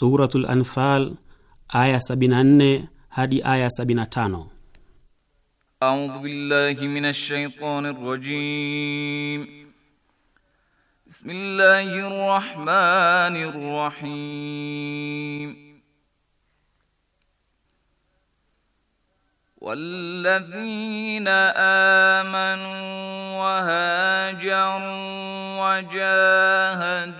Suratul Anfal aya 74 hadi aya 75. بالله من الشيطان الرجيم بسم الله الرحمن الرحيم والذين آمنوا وهاجروا وجاهدوا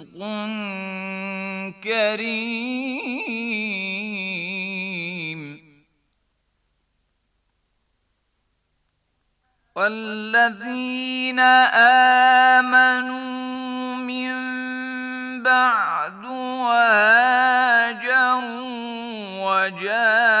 كريم والذين آمنوا من بعد وهاجروا وجاهدوا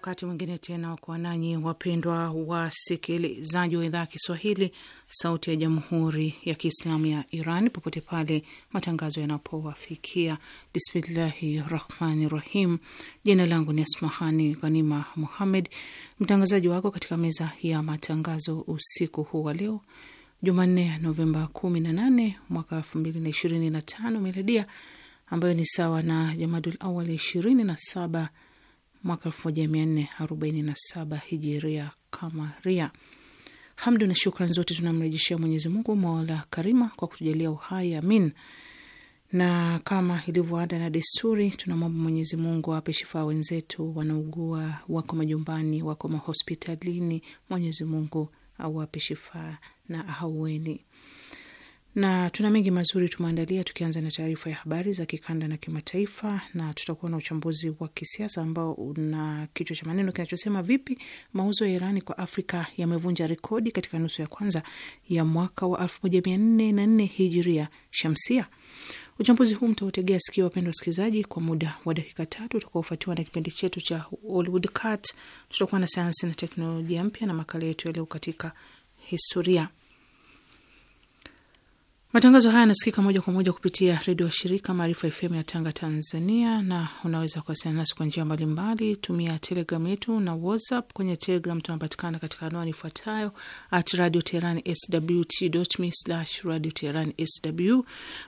wakati mwingine tena wa kuwa nanyi wapendwa wasikilizaji wa idhaa ya Kiswahili, Sauti ya Jamhuri ya Kiislamu ya Iran, popote pale matangazo yanapowafikia. Bismillahi rahmani rahim. Jina langu ni Asmahani Ghanima Muhammed, mtangazaji wako katika meza ya matangazo usiku huu wa leo Jumanne, Novemba 18 mwaka 2025 miladia, ambayo ni sawa na Jamadul Awali 27 mwaka saba hijiria kamaria. Hamdu na shukran zote tunamrejeshea Mwenyezi Mungu mola karima kwa kutujalia uhai, amin. Na kama ilivyo ada na desturi, tunamwomba Mwenyezi Mungu awape shifaa wenzetu wanaugua, wako majumbani, wako mahospitalini. Mwenyezi Mungu awape shifaa na ahueni na tuna mengi mazuri tumeandalia, tukianza na taarifa ya habari za kikanda na kimataifa, na tutakuwa na uchambuzi wa kisiasa ambao una kichwa cha maneno kinachosema vipi mauzo ya Irani kwa Afrika yamevunja rekodi katika nusu ya kwanza ya mwaka wa 1404 hijiria shamsia. Uchambuzi huu mtautegea sikio, wapendwa wasikilizaji, kwa muda wa dakika tatu utakaofuatiwa na kipindi chetu cha Hollywood Cat. Tutakuwa na sayansi na teknolojia mpya na makala yetu yaliyo katika historia Matangazo haya yanasikika moja kwa moja kupitia redio wa shirika Maarifa FM ya Tanga, Tanzania, na unaweza kuwasiliana nasi kwa njia mbalimbali. Tumia telegram yetu na WhatsApp. Kwenye telegram tunapatikana katika anwani ifuatayo at radio teheran sw t.me slash radio teheran sw.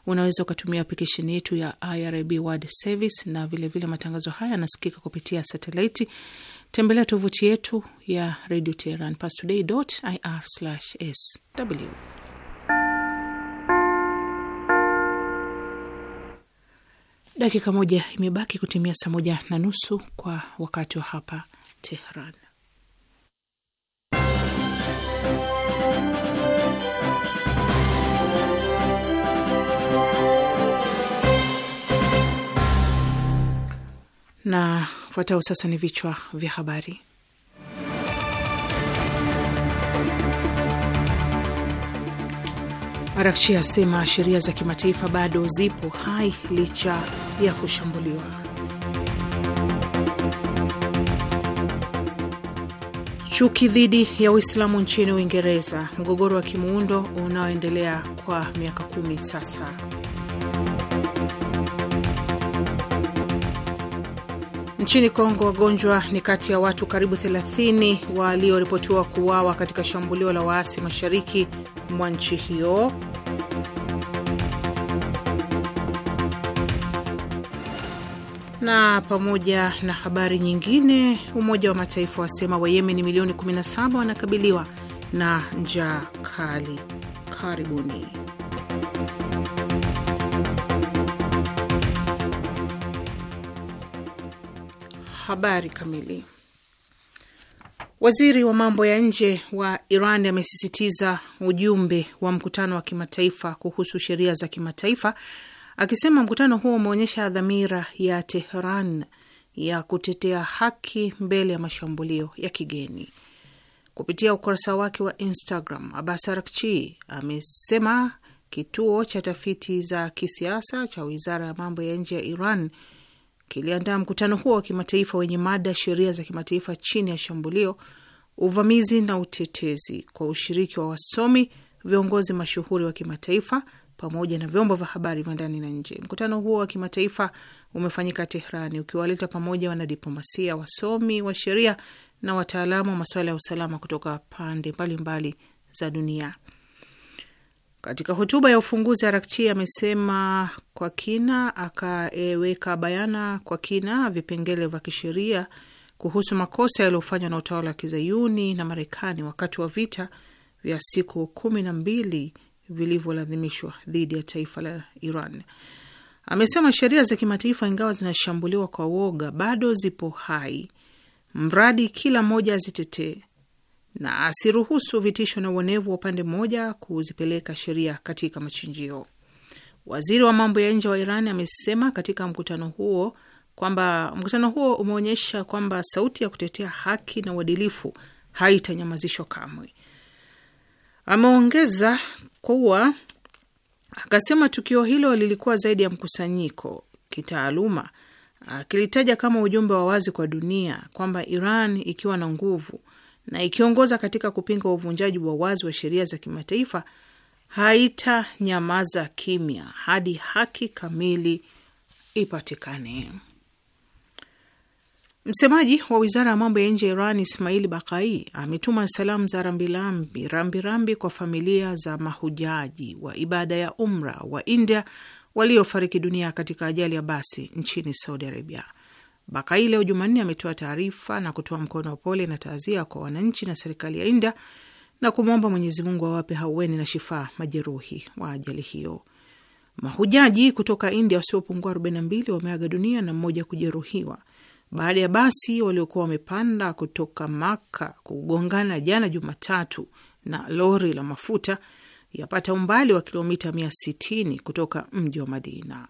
Unaweza ukatumia aplikesheni yetu ya IRIB world service, na vilevile vile matangazo haya yanasikika kupitia satelaiti. Tembelea tovuti yetu ya radio teheran pastoday ir sw Dakika moja imebaki kutimia saa moja na nusu kwa wakati wa hapa Tehran. Na fuatao sasa ni vichwa vya habari. Arakchi asema sheria za kimataifa bado zipo hai licha ya kushambuliwa. Chuki dhidi ya Uislamu nchini Uingereza, mgogoro wa kimuundo unaoendelea kwa miaka kumi sasa. Nchini Kongo, wagonjwa ni kati ya watu karibu 30 walioripotiwa kuuawa katika shambulio la waasi mashariki mwa nchi hiyo. Na pamoja na habari nyingine, Umoja wa Mataifa wasema Wayemeni milioni 17 wanakabiliwa na njaa kali. Karibuni. Habari kamili. Waziri wa mambo ya nje wa Iran amesisitiza ujumbe wa mkutano wa kimataifa kuhusu sheria za kimataifa, akisema mkutano huo umeonyesha dhamira ya Tehran ya kutetea haki mbele ya mashambulio ya kigeni. Kupitia ukurasa wake wa Instagram, Abbas arakchi amesema kituo cha tafiti za kisiasa cha wizara ya mambo ya nje ya Iran kiliandaa mkutano huo wa kimataifa wenye mada sheria za kimataifa chini ya shambulio, uvamizi na utetezi, kwa ushiriki wa wasomi, viongozi mashuhuri wa kimataifa pamoja na vyombo vya habari vya ndani na nje. Mkutano huo wa kimataifa umefanyika Tehrani, ukiwaleta pamoja wanadiplomasia, wasomi wa sheria na wataalamu wa masuala ya usalama kutoka pande mbalimbali mbali za dunia. Katika hotuba ya ufunguzi Arakchi amesema kwa kina, akaweka bayana kwa kina vipengele vya kisheria kuhusu makosa yaliyofanywa na utawala wa kizayuni na Marekani wakati wa vita vya siku kumi na mbili vilivyolazimishwa dhidi ya taifa la Iran. Amesema sheria za kimataifa, ingawa zinashambuliwa kwa woga, bado zipo hai, mradi kila mmoja azitetee na asiruhusu vitisho na uonevu wa upande mmoja kuzipeleka sheria katika machinjio. Waziri wa mambo ya nje wa Iran amesema katika mkutano huo kwamba mkutano huo umeonyesha kwamba sauti ya kutetea haki na uadilifu haitanyamazishwa kamwe. Ameongeza kuwa akasema tukio hilo lilikuwa zaidi ya mkusanyiko kitaaluma, akilitaja kama ujumbe wa wazi kwa dunia kwamba Iran ikiwa na nguvu na ikiongoza katika kupinga uvunjaji wa wazi wa sheria za kimataifa haita nyamaza kimya hadi haki kamili ipatikane. Msemaji wa wizara ya mambo ya nje ya Iran Ismaili Bakai ametuma salamu za rambirambi rambirambi kwa familia za mahujaji wa ibada ya umra wa India waliofariki dunia katika ajali ya basi nchini Saudi Arabia. Bakai leo Jumanne ametoa taarifa na kutoa mkono wa pole na taazia kwa wananchi na serikali ya India na kumwomba Mwenyezi Mungu awape haueni na shifaa majeruhi wa ajali hiyo. Mahujaji kutoka India wasiopungua 42 wameaga dunia na mmoja kujeruhiwa baada ya basi waliokuwa wamepanda kutoka Maka kugongana jana Jumatatu na lori la mafuta yapata umbali wa kilomita 160 kutoka mji wa Madina.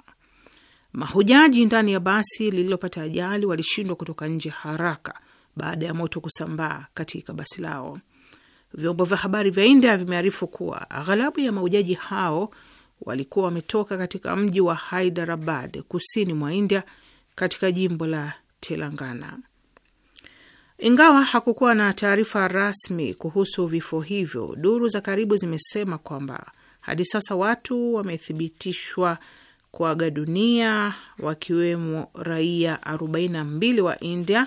Mahujaji ndani ya basi lililopata ajali walishindwa kutoka nje haraka baada ya moto kusambaa katika basi lao. Vyombo vya habari vya India vimearifu kuwa aghalabu ya mahujaji hao walikuwa wametoka katika mji wa Hyderabad, kusini mwa India, katika jimbo la Telangana. Ingawa hakukuwa na taarifa rasmi kuhusu vifo hivyo, duru za karibu zimesema kwamba hadi sasa watu wamethibitishwa kuaga dunia wakiwemo raia 42 wa India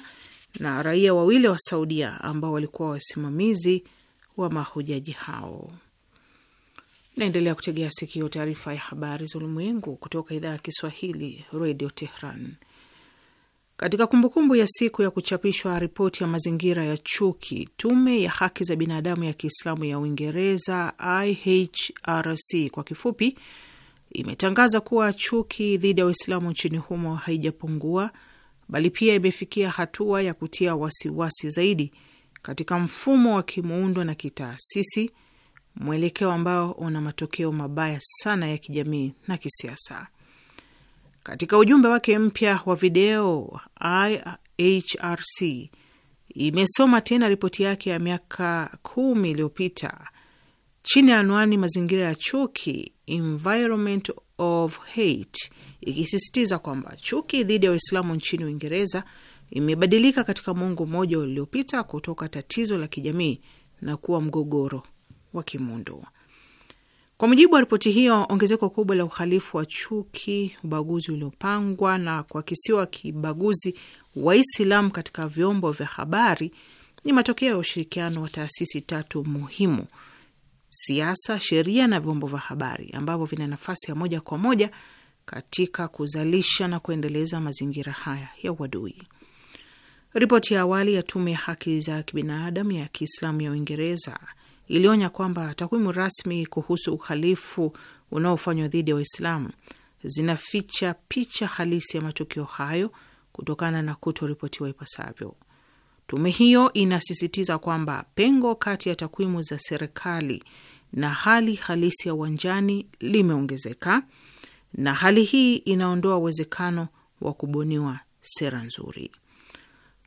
na raia wawili wa Saudia ambao walikuwa wasimamizi wa mahujaji hao. Naendelea kutegea sikio taarifa ya habari za ulimwengu kutoka idhaa ya Kiswahili redio Tehran. Katika kumbukumbu ya siku ya kuchapishwa ripoti ya mazingira ya chuki, tume ya haki za binadamu ya Kiislamu ya Uingereza IHRC kwa kifupi imetangaza kuwa chuki dhidi ya Waislamu nchini humo haijapungua, bali pia imefikia hatua ya kutia wasiwasi zaidi katika mfumo wa kimuundo na kitaasisi, mwelekeo ambao una matokeo mabaya sana ya kijamii na kisiasa. Katika ujumbe wake mpya wa video, IHRC imesoma tena ripoti yake ya miaka kumi iliyopita chini ya anwani mazingira ya chuki, environment of hate, ikisisitiza kwamba chuki dhidi ya Waislamu nchini Uingereza imebadilika katika mwongo mmoja uliopita kutoka tatizo la kijamii na kuwa mgogoro wa kimundu. Kwa mujibu wa ripoti hiyo, ongezeko kubwa la uhalifu wa chuki, ubaguzi uliopangwa na kuakisiwa kibaguzi Waislamu katika vyombo vya habari ni matokeo ya ushirikiano wa taasisi tatu muhimu siasa, sheria na vyombo vya habari ambavyo vina nafasi ya moja kwa moja katika kuzalisha na kuendeleza mazingira haya ya uadui. Ripoti ya awali ya tume ya haki za kibinadamu ya Kiislamu ya Uingereza ilionya kwamba takwimu rasmi kuhusu uhalifu unaofanywa dhidi ya Waislamu zinaficha picha halisi ya matukio hayo kutokana na kutoripotiwa ipasavyo. Tume hiyo inasisitiza kwamba pengo kati ya takwimu za serikali na hali halisi ya uwanjani limeongezeka na hali hii inaondoa uwezekano wa kubuniwa sera nzuri.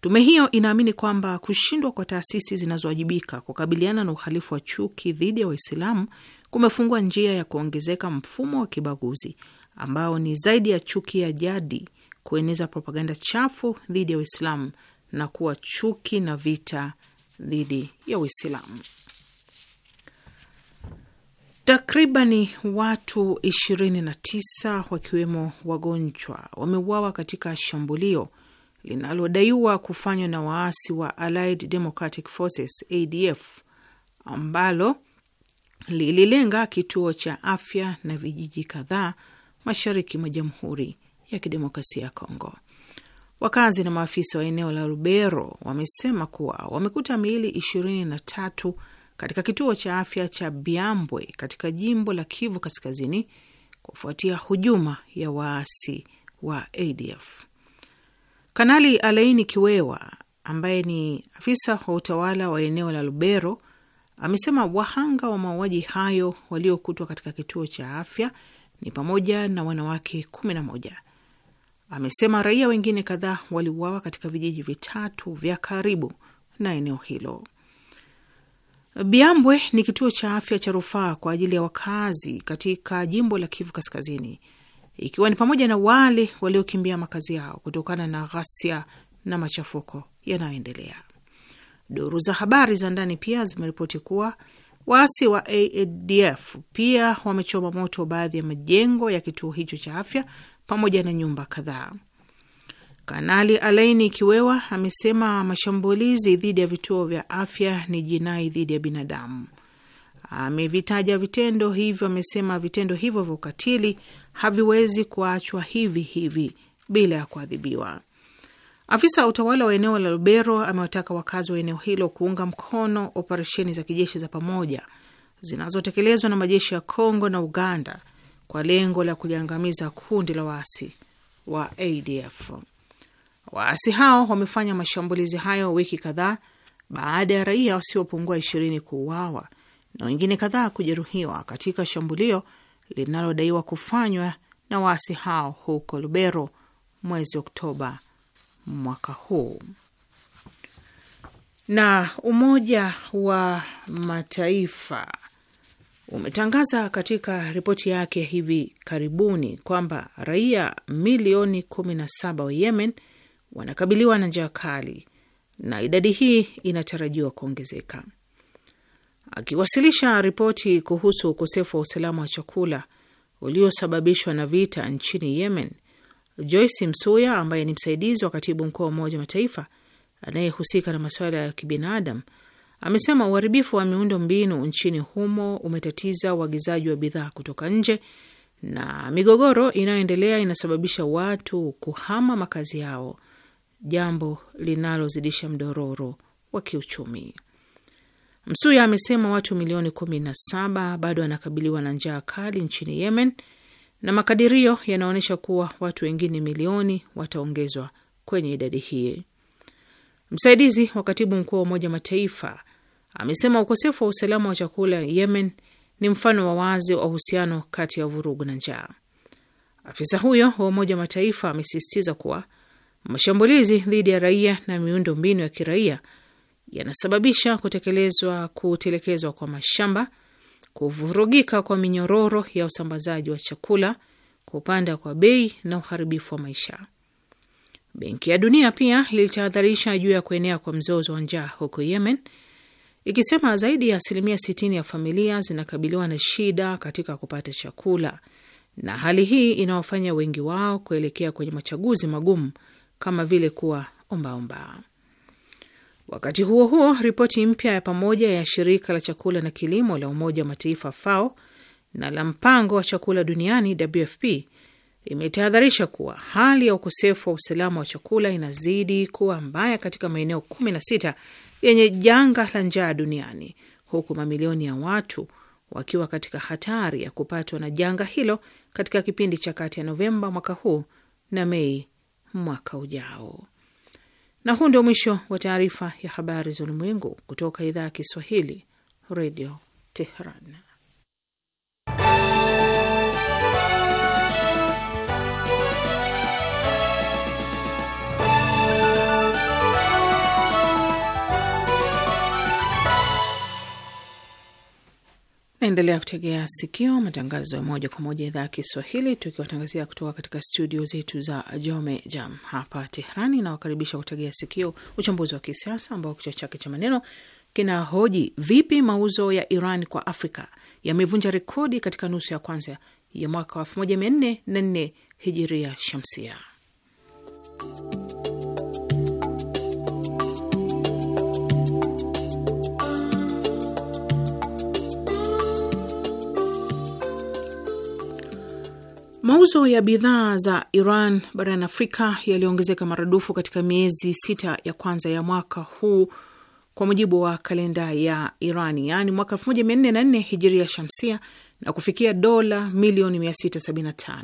Tume hiyo inaamini kwamba kushindwa kwa taasisi zinazowajibika kukabiliana na uhalifu wa chuki dhidi ya Waislamu kumefungua njia ya kuongezeka mfumo wa kibaguzi ambao ni zaidi ya chuki ya jadi, kueneza propaganda chafu dhidi ya Waislamu na kuwa chuki na vita dhidi ya Uislamu. Takribani watu 29 wakiwemo wagonjwa wameuawa katika shambulio linalodaiwa kufanywa na waasi wa Allied Democratic Forces ADF ambalo lililenga kituo cha afya na vijiji kadhaa mashariki mwa Jamhuri ya Kidemokrasia ya Kongo. Wakazi na maafisa wa eneo la Lubero wamesema kuwa wamekuta miili ishirini na tatu katika kituo cha afya cha Biambwe katika jimbo la Kivu Kaskazini kufuatia hujuma ya waasi wa ADF. Kanali Alaini Kiwewa ambaye ni afisa wa utawala wa eneo la Lubero amesema wahanga wa mauaji hayo waliokutwa katika kituo cha afya ni pamoja na wanawake kumi na moja amesema raia wengine kadhaa waliuawa katika vijiji vitatu vya karibu na eneo hilo. Biambwe ni kituo cha afya cha rufaa kwa ajili ya wakazi katika jimbo la Kivu Kaskazini, ikiwa ni pamoja na wale waliokimbia makazi yao kutokana na ghasia na machafuko yanayoendelea. Duru za habari za ndani pia zimeripoti kuwa waasi wa ADF pia wamechoma moto baadhi ya majengo ya kituo hicho cha afya pamoja na nyumba kadhaa. Kanali Alaini Kiwewa amesema mashambulizi dhidi ya vituo vya afya ni jinai dhidi ya binadamu. Amevitaja vitendo hivyo, amesema vitendo hivyo vya ukatili haviwezi kuachwa hivi hivi bila ya kuadhibiwa. Afisa wa utawala wa eneo la Lubero amewataka wakazi wa eneo hilo kuunga mkono operesheni za kijeshi za pamoja zinazotekelezwa na majeshi ya Kongo na Uganda kwa lengo la kuliangamiza kundi la waasi wa ADF. Waasi hao wamefanya mashambulizi hayo wiki kadhaa baada ya raia wasiopungua ishirini kuuawa na wengine kadhaa kujeruhiwa katika shambulio linalodaiwa kufanywa na waasi hao huko Lubero mwezi Oktoba mwaka huu. Na Umoja wa Mataifa umetangaza katika ripoti yake hivi karibuni kwamba raia milioni 17 wa Yemen wanakabiliwa na njaa kali na idadi hii inatarajiwa kuongezeka. Akiwasilisha ripoti kuhusu ukosefu wa usalama wa chakula uliosababishwa na vita nchini Yemen, Joyce Msuya ambaye ni msaidizi wa katibu mkuu wa Umoja wa Mataifa anayehusika na masuala ya kibinadamu amesema uharibifu wa miundo mbinu nchini humo umetatiza uagizaji wa bidhaa kutoka nje na migogoro inayoendelea inasababisha watu kuhama makazi yao, jambo linalozidisha mdororo wa kiuchumi. Msuya amesema watu milioni 17 bado wanakabiliwa na njaa kali nchini Yemen, na makadirio yanaonyesha kuwa watu wengine milioni wataongezwa kwenye idadi hii. Msaidizi wa katibu mkuu wa Umoja Mataifa amesema ukosefu wa usalama wa chakula Yemen ni mfano wa wazi wa uhusiano kati ya vurugu na njaa. Afisa huyo wa Umoja wa Mataifa amesisitiza kuwa mashambulizi dhidi ya raia na miundo mbinu ya kiraia yanasababisha kutekelezwa kutelekezwa kwa mashamba, kuvurugika kwa minyororo ya usambazaji wa chakula, kupanda kwa bei na uharibifu wa maisha. Benki ya Dunia pia ilitahadharisha juu ya kuenea kwa mzozo wa njaa huko Yemen ikisema zaidi ya asilimia 60 ya familia zinakabiliwa na shida katika kupata chakula, na hali hii inawafanya wengi wao kuelekea kwenye machaguzi magumu kama vile kuwa ombaomba omba. Wakati huo huo, ripoti mpya ya pamoja ya shirika la chakula na kilimo la Umoja wa Mataifa FAO na la mpango wa chakula duniani WFP imetahadharisha kuwa hali ya ukosefu wa usalama wa chakula inazidi kuwa mbaya katika maeneo 16 yenye janga la njaa duniani, huku mamilioni ya watu wakiwa katika hatari ya kupatwa na janga hilo katika kipindi cha kati ya Novemba mwaka huu na Mei mwaka ujao. Na huu ndio mwisho wa taarifa ya habari za ulimwengu kutoka idhaa ya Kiswahili, Redio Teheran. Naendelea kutegea sikio matangazo ya moja kwa moja idhaa ya Kiswahili, tukiwatangazia kutoka katika studio zetu za Jome Jam hapa Tehrani. Inawakaribisha kutegea sikio uchambuzi wa kisiasa ambao kichwa chake cha maneno kinahoji vipi mauzo ya Iran kwa Afrika yamevunja rekodi katika nusu ya kwanza ya mwaka wa 1404 hijiria shamsia. Mauzo ya bidhaa za Iran barani Afrika yaliongezeka maradufu katika miezi sita ya kwanza ya mwaka huu kwa mujibu wa kalenda ya Iran, yaani mwaka 1404 hijiria shamsia na kufikia dola milioni 675.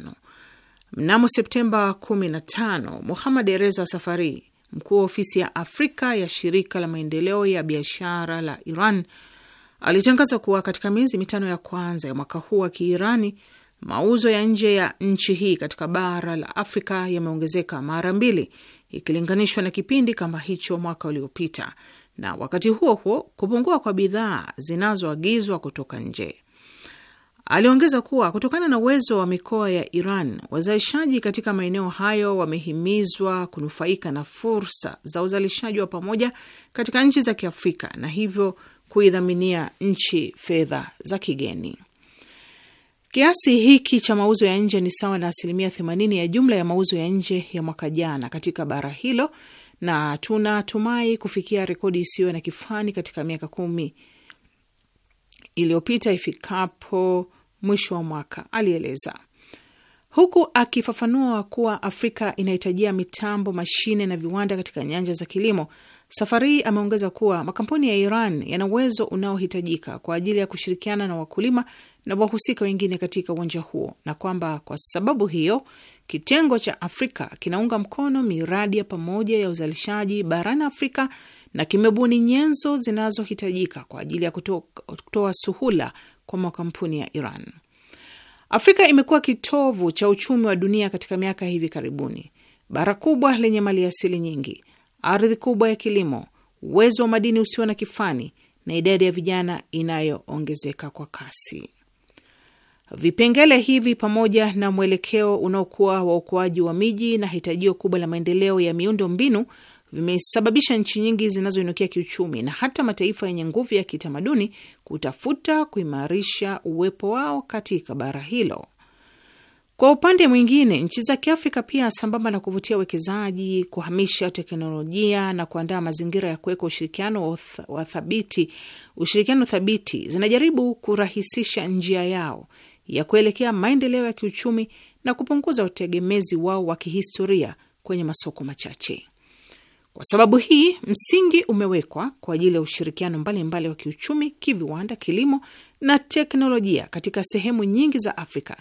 Mnamo Septemba 15, Muhamad Ereza Safari, mkuu wa ofisi ya Afrika ya shirika la maendeleo ya biashara la Iran, alitangaza kuwa katika miezi mitano ya kwanza ya mwaka huu wa Kiirani Mauzo ya nje ya nchi hii katika bara la Afrika yameongezeka mara mbili ikilinganishwa na kipindi kama hicho mwaka uliopita, na wakati huo huo kupungua kwa bidhaa zinazoagizwa kutoka nje. Aliongeza kuwa kutokana na uwezo wa mikoa ya Iran, wazalishaji katika maeneo hayo wamehimizwa kunufaika na fursa za uzalishaji wa pamoja katika nchi za Kiafrika na hivyo kuidhaminia nchi fedha za kigeni. Kiasi hiki cha mauzo ya nje ni sawa na asilimia 80 ya jumla ya mauzo ya nje ya mwaka jana katika bara hilo, na tunatumai kufikia rekodi isiyo na kifani katika miaka kumi iliyopita ifikapo mwisho wa mwaka, alieleza, huku akifafanua kuwa Afrika inahitajia mitambo, mashine na viwanda katika nyanja za kilimo. Safari hii ameongeza kuwa makampuni ya Iran yana uwezo unaohitajika kwa ajili ya kushirikiana na wakulima na wahusika wengine katika uwanja huo, na kwamba kwa sababu hiyo kitengo cha Afrika kinaunga mkono miradi ya pamoja ya uzalishaji barani Afrika na kimebuni nyenzo zinazohitajika kwa ajili ya kutoa suhula kwa makampuni ya Iran. Afrika imekuwa kitovu cha uchumi wa dunia katika miaka hivi karibuni, bara kubwa lenye maliasili nyingi, ardhi kubwa ya kilimo, uwezo wa madini usio na kifani na idadi ya vijana inayoongezeka kwa kasi. Vipengele hivi pamoja na mwelekeo unaokuwa wa ukuaji wa miji na hitajio kubwa la maendeleo ya miundo mbinu vimesababisha nchi nyingi zinazoinukia kiuchumi na hata mataifa yenye nguvu ya kitamaduni kutafuta kuimarisha uwepo wao katika bara hilo. Kwa upande mwingine, nchi za Kiafrika pia, sambamba na kuvutia uwekezaji, kuhamisha teknolojia na kuandaa mazingira ya kuweka ushirikiano wa thabiti, ushirikiano thabiti, zinajaribu kurahisisha njia yao ya kuelekea maendeleo ya kiuchumi na kupunguza utegemezi wao wa kihistoria kwenye masoko machache. Kwa sababu hii, msingi umewekwa kwa ajili ya ushirikiano mbalimbali wa kiuchumi, kiviwanda, kilimo na teknolojia katika sehemu nyingi za Afrika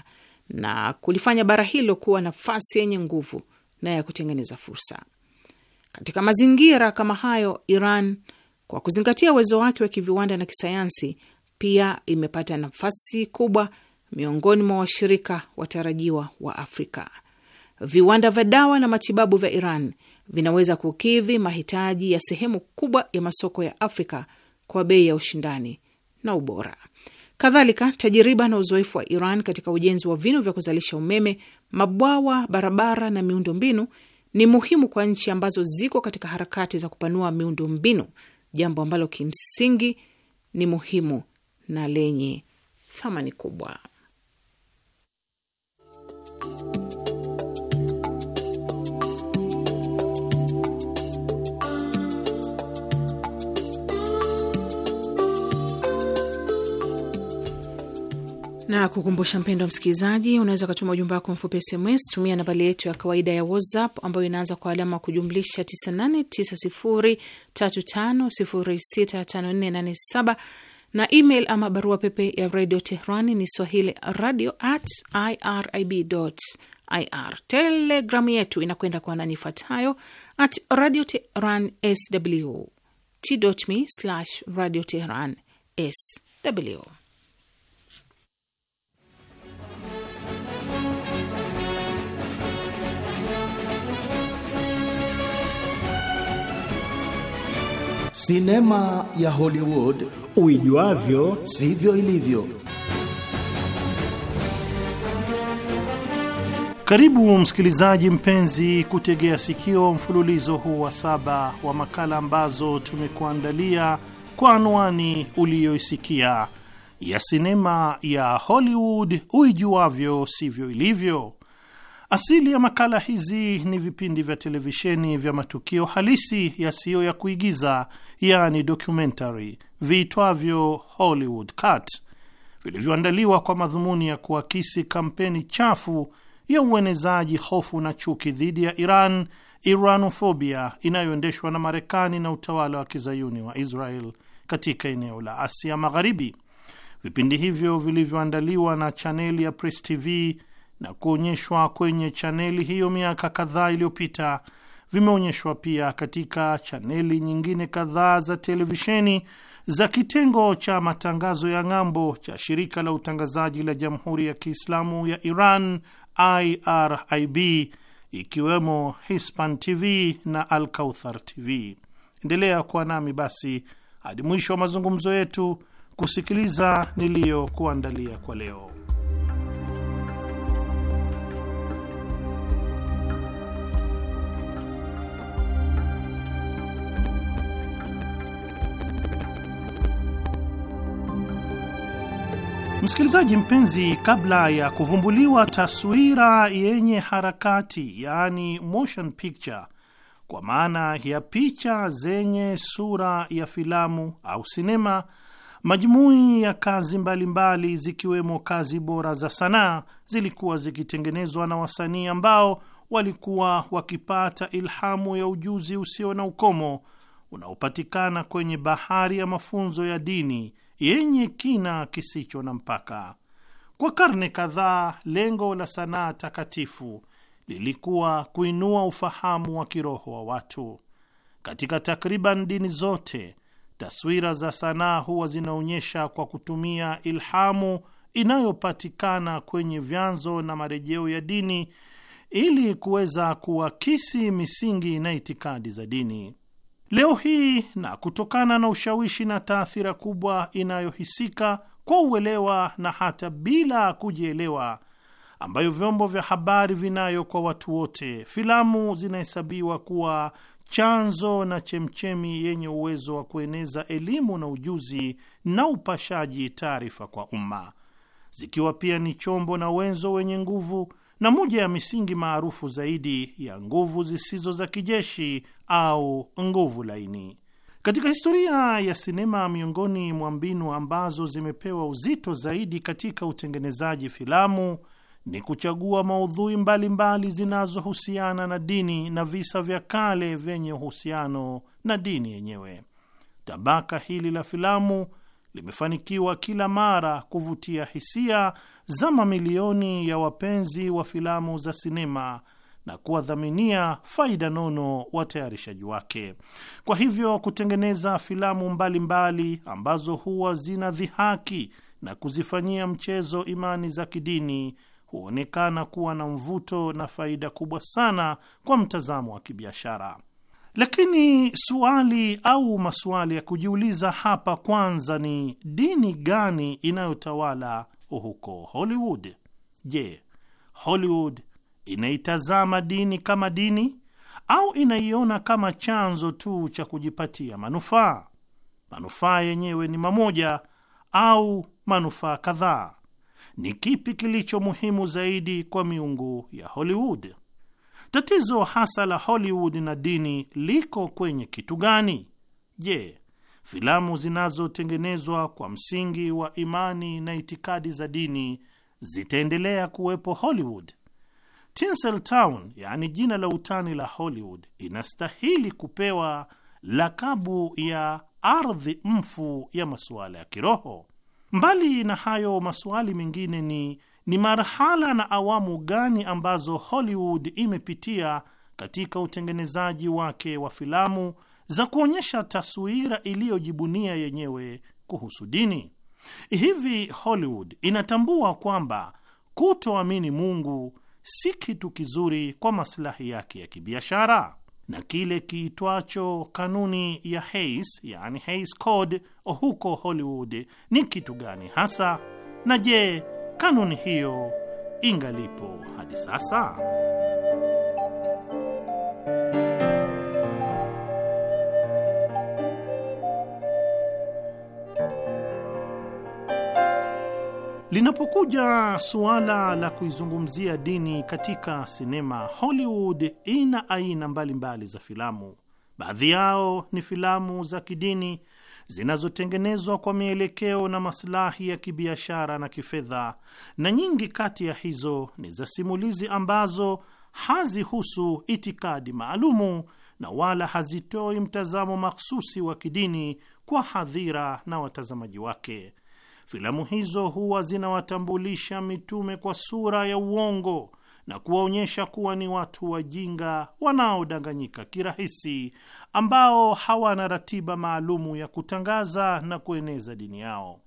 na kulifanya bara hilo kuwa nafasi yenye nguvu na ya kutengeneza fursa. Katika mazingira kama hayo, Iran kwa kuzingatia uwezo wake wa kiviwanda na kisayansi, pia imepata nafasi kubwa miongoni mwa washirika watarajiwa wa Afrika. Viwanda vya dawa na matibabu vya Iran vinaweza kukidhi mahitaji ya sehemu kubwa ya masoko ya Afrika kwa bei ya ushindani na ubora. Kadhalika, tajiriba na uzoefu wa Iran katika ujenzi wa vinu vya kuzalisha umeme, mabwawa, barabara na miundo mbinu ni muhimu kwa nchi ambazo ziko katika harakati za kupanua miundo mbinu jambo ambalo kimsingi ni muhimu na lenye thamani kubwa na kukumbusha mpendo wa msikilizaji, unaweza ukatuma ujumbe wako mfupi SMS. Tumia nambari yetu ya kawaida ya WhatsApp ambayo inaanza kwa alama kujumlisha 989035065487 na email ama barua pepe ya Radio Tehrani ni swahili radio at irib ir. Telegramu yetu inakwenda kwa nani ifuatayo at Radio Tehran sw t.me slash Radio Tehran sw Sinema ya Hollywood uijuavyo sivyo ilivyo. Karibu msikilizaji mpenzi kutegea sikio mfululizo huu wa saba wa makala ambazo tumekuandalia kwa anwani uliyoisikia ya sinema ya Hollywood uijuavyo sivyo ilivyo. Asili ya makala hizi ni vipindi vya televisheni vya matukio halisi yasiyo ya kuigiza, yani documentary, viitwavyo Hollywood Cut, vilivyoandaliwa kwa madhumuni ya kuakisi kampeni chafu ya uenezaji hofu na chuki dhidi ya Iran, Iranofobia, inayoendeshwa na Marekani na utawala wa kizayuni wa Israel katika eneo la Asia Magharibi. Vipindi hivyo vilivyoandaliwa na chaneli ya Press TV na kuonyeshwa kwenye chaneli hiyo miaka kadhaa iliyopita, vimeonyeshwa pia katika chaneli nyingine kadhaa za televisheni za kitengo cha matangazo ya ng'ambo cha shirika la utangazaji la Jamhuri ya Kiislamu ya Iran IRIB, ikiwemo Hispan TV na Alkauthar TV. Endelea kuwa nami basi hadi mwisho wa mazungumzo yetu kusikiliza niliyokuandalia kwa leo. Msikilizaji mpenzi, kabla ya kuvumbuliwa taswira yenye harakati, yaani motion picture, kwa maana ya picha zenye sura ya filamu au sinema, majumui ya kazi mbalimbali mbali, zikiwemo kazi bora za sanaa zilikuwa zikitengenezwa na wasanii ambao walikuwa wakipata ilhamu ya ujuzi usio na ukomo unaopatikana kwenye bahari ya mafunzo ya dini yenye kina kisicho na mpaka. Kwa karne kadhaa, lengo la sanaa takatifu lilikuwa kuinua ufahamu wa kiroho wa watu. Katika takriban dini zote, taswira za sanaa huwa zinaonyesha kwa kutumia ilhamu inayopatikana kwenye vyanzo na marejeo ya dini ili kuweza kuakisi misingi na itikadi za dini leo hii, na kutokana na ushawishi na taathira kubwa inayohisika kwa uelewa na hata bila kujielewa ambayo vyombo vya habari vinayo kwa watu wote, filamu zinahesabiwa kuwa chanzo na chemchemi yenye uwezo wa kueneza elimu na ujuzi na upashaji taarifa kwa umma, zikiwa pia ni chombo na wenzo wenye nguvu na moja ya misingi maarufu zaidi ya nguvu zisizo za kijeshi au nguvu laini. Katika historia ya sinema, miongoni mwa mbinu ambazo zimepewa uzito zaidi katika utengenezaji filamu ni kuchagua maudhui mbalimbali zinazohusiana na dini na visa vya kale vyenye uhusiano na dini yenyewe. Tabaka hili la filamu limefanikiwa kila mara kuvutia hisia za mamilioni ya wapenzi wa filamu za sinema na kuwadhaminia faida nono watayarishaji wake. Kwa hivyo kutengeneza filamu mbalimbali mbali ambazo huwa zina dhihaki na kuzifanyia mchezo imani za kidini huonekana kuwa na mvuto na faida kubwa sana kwa mtazamo wa kibiashara. Lakini suali au masuali ya kujiuliza hapa kwanza ni dini gani inayotawala huko Hollywood? Je, Hollywood inaitazama dini kama dini au inaiona kama chanzo tu cha kujipatia manufaa? Manufaa yenyewe ni mamoja au manufaa kadhaa? Ni kipi kilicho muhimu zaidi kwa miungu ya Hollywood? Tatizo hasa la Hollywood na dini liko kwenye kitu gani? Je, filamu zinazotengenezwa kwa msingi wa imani na itikadi za dini zitaendelea kuwepo Hollywood? Tinsel Town, yaani jina la utani la Hollywood, inastahili kupewa lakabu ya ardhi mfu ya masuala ya kiroho. Mbali na hayo, masuali mengine ni ni marhala na awamu gani ambazo Hollywood imepitia katika utengenezaji wake wa filamu za kuonyesha taswira iliyojibunia yenyewe kuhusu dini. Hivi Hollywood inatambua kwamba kutoamini Mungu si kitu kizuri kwa masilahi yake ya kibiashara, na kile kiitwacho kanuni ya Hays, yani Hays Code huko Hollywood ni kitu gani hasa? Na je, Kanuni hiyo ingalipo hadi sasa. Linapokuja suala la kuizungumzia dini katika sinema, Hollywood ina aina mbalimbali mbali za filamu. Baadhi yao ni filamu za kidini zinazotengenezwa kwa mielekeo na masilahi ya kibiashara na kifedha, na nyingi kati ya hizo ni za simulizi ambazo hazihusu itikadi maalumu na wala hazitoi mtazamo mahsusi wa kidini kwa hadhira na watazamaji wake. Filamu hizo huwa zinawatambulisha mitume kwa sura ya uongo na kuwaonyesha kuwa ni watu wajinga wanaodanganyika kirahisi ambao hawana ratiba maalumu ya kutangaza na kueneza dini yao.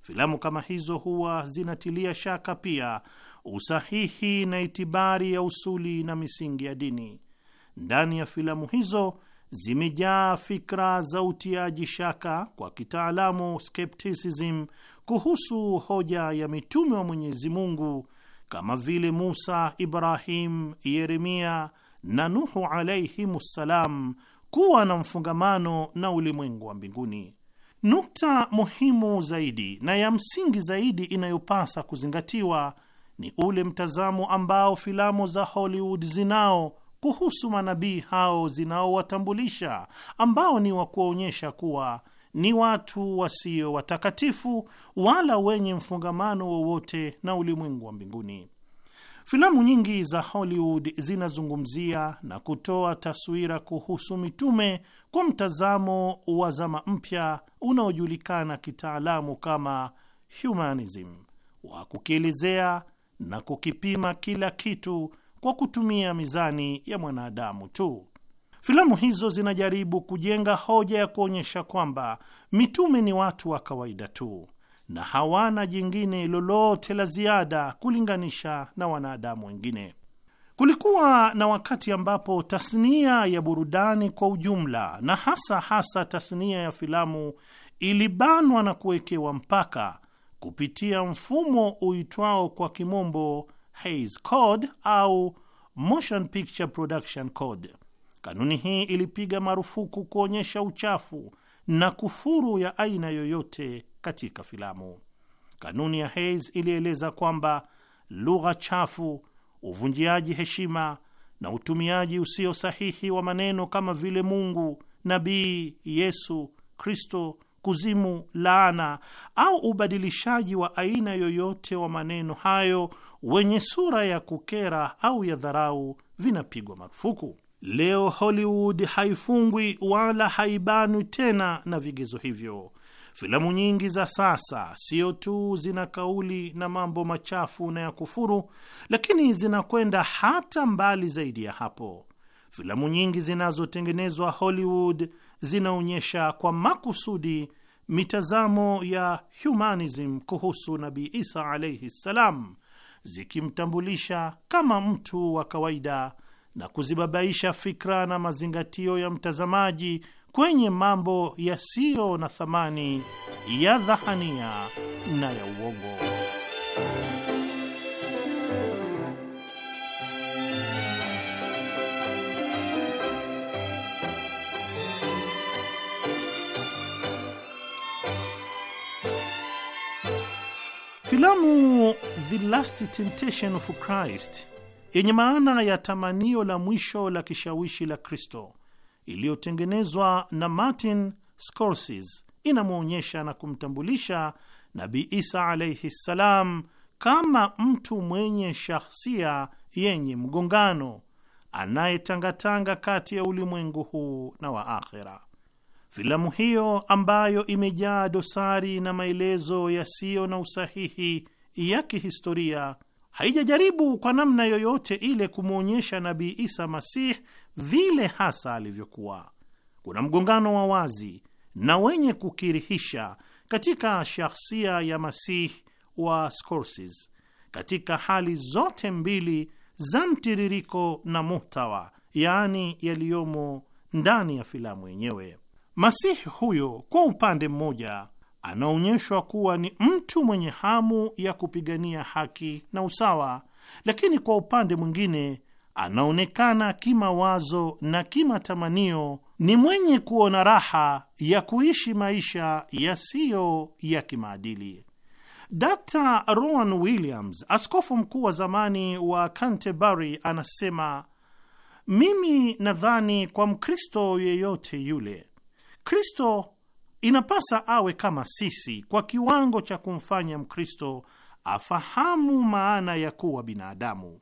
Filamu kama hizo huwa zinatilia shaka pia usahihi na itibari ya usuli na misingi ya dini. Ndani ya filamu hizo zimejaa fikra za utiaji shaka, kwa kitaalamu skepticism, kuhusu hoja ya mitume wa Mwenyezi Mungu kama vile Musa, Ibrahim, Yeremia na Nuhu alaihimussalam kuwa na mfungamano na ulimwengu wa mbinguni. Nukta muhimu zaidi na ya msingi zaidi inayopasa kuzingatiwa ni ule mtazamo ambao filamu za Hollywood zinao kuhusu manabii hao zinaowatambulisha, ambao ni wa kuwaonyesha kuwa ni watu wasio watakatifu wala wenye mfungamano wowote na ulimwengu wa mbinguni. Filamu nyingi za Hollywood zinazungumzia na kutoa taswira kuhusu mitume kwa mtazamo wa zama mpya unaojulikana kitaalamu kama humanism, wa kukielezea na kukipima kila kitu kwa kutumia mizani ya mwanadamu tu. Filamu hizo zinajaribu kujenga hoja ya kuonyesha kwamba mitume ni watu wa kawaida tu na hawana jingine lolote la ziada kulinganisha na wanadamu wengine. Kulikuwa na wakati ambapo tasnia ya burudani kwa ujumla na hasa hasa tasnia ya filamu ilibanwa na kuwekewa mpaka kupitia mfumo uitwao kwa kimombo Hays Code au Motion Picture Production Code. Kanuni hii ilipiga marufuku kuonyesha uchafu na kufuru ya aina yoyote katika filamu. Kanuni ya Hays ilieleza kwamba lugha chafu, uvunjiaji heshima na utumiaji usio sahihi wa maneno kama vile Mungu, nabii, Yesu Kristo, kuzimu, laana au ubadilishaji wa aina yoyote wa maneno hayo wenye sura ya kukera au ya dharau vinapigwa marufuku. Leo Hollywood haifungwi wala haibanwi tena na vigezo hivyo. Filamu nyingi za sasa sio tu zina kauli na mambo machafu na ya kufuru, lakini zinakwenda hata mbali zaidi ya hapo. Filamu nyingi zinazotengenezwa Hollywood zinaonyesha kwa makusudi mitazamo ya humanism kuhusu Nabii Isa alaihi ssalam, zikimtambulisha kama mtu wa kawaida na kuzibabaisha fikra na mazingatio ya mtazamaji kwenye mambo yasiyo na thamani ya dhahania na ya uongo. Filamu The Last Temptation of Christ yenye maana ya tamanio la mwisho la kishawishi la Kristo iliyotengenezwa na Martin Scorsese inamwonyesha na kumtambulisha Nabii Isa alaihi ssalam kama mtu mwenye shahsia yenye mgongano anayetangatanga kati ya ulimwengu huu na wa akhera. Filamu hiyo ambayo imejaa dosari na maelezo yasiyo na usahihi ya kihistoria haijajaribu kwa namna yoyote ile kumwonyesha Nabii Isa Masih vile hasa alivyokuwa. Kuna mgongano wa wazi na wenye kukirihisha katika shahsia ya Masih wa Scorsese katika hali zote mbili za mtiririko na muhtawa, yaani yaliyomo ndani ya filamu yenyewe. Masihi huyo kwa upande mmoja anaonyeshwa kuwa ni mtu mwenye hamu ya kupigania haki na usawa, lakini kwa upande mwingine anaonekana kimawazo na kimatamanio ni mwenye kuona raha ya kuishi maisha yasiyo ya kimaadili. Dr Rowan Williams, askofu mkuu wa zamani wa Canterbury, anasema mimi nadhani kwa Mkristo yeyote yule, Kristo Inapasa awe kama sisi kwa kiwango cha kumfanya Mkristo afahamu maana ya kuwa binadamu,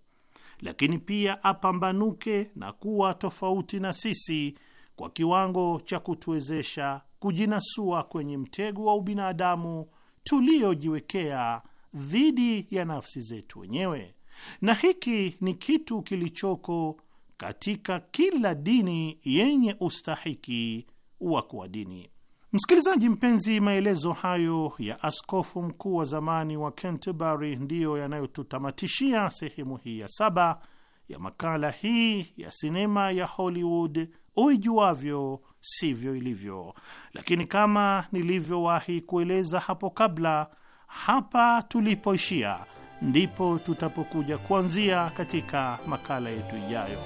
lakini pia apambanuke na kuwa tofauti na sisi kwa kiwango cha kutuwezesha kujinasua kwenye mtego wa ubinadamu tuliojiwekea dhidi ya nafsi zetu wenyewe. Na hiki ni kitu kilichoko katika kila dini yenye ustahiki wa kuwa dini. Msikilizaji mpenzi, maelezo hayo ya askofu mkuu wa zamani wa Canterbury ndiyo yanayotutamatishia sehemu hii ya saba ya makala hii ya sinema ya Hollywood uijuavyo sivyo ilivyo. Lakini kama nilivyowahi kueleza hapo kabla, hapa tulipoishia ndipo tutapokuja kuanzia katika makala yetu ijayo.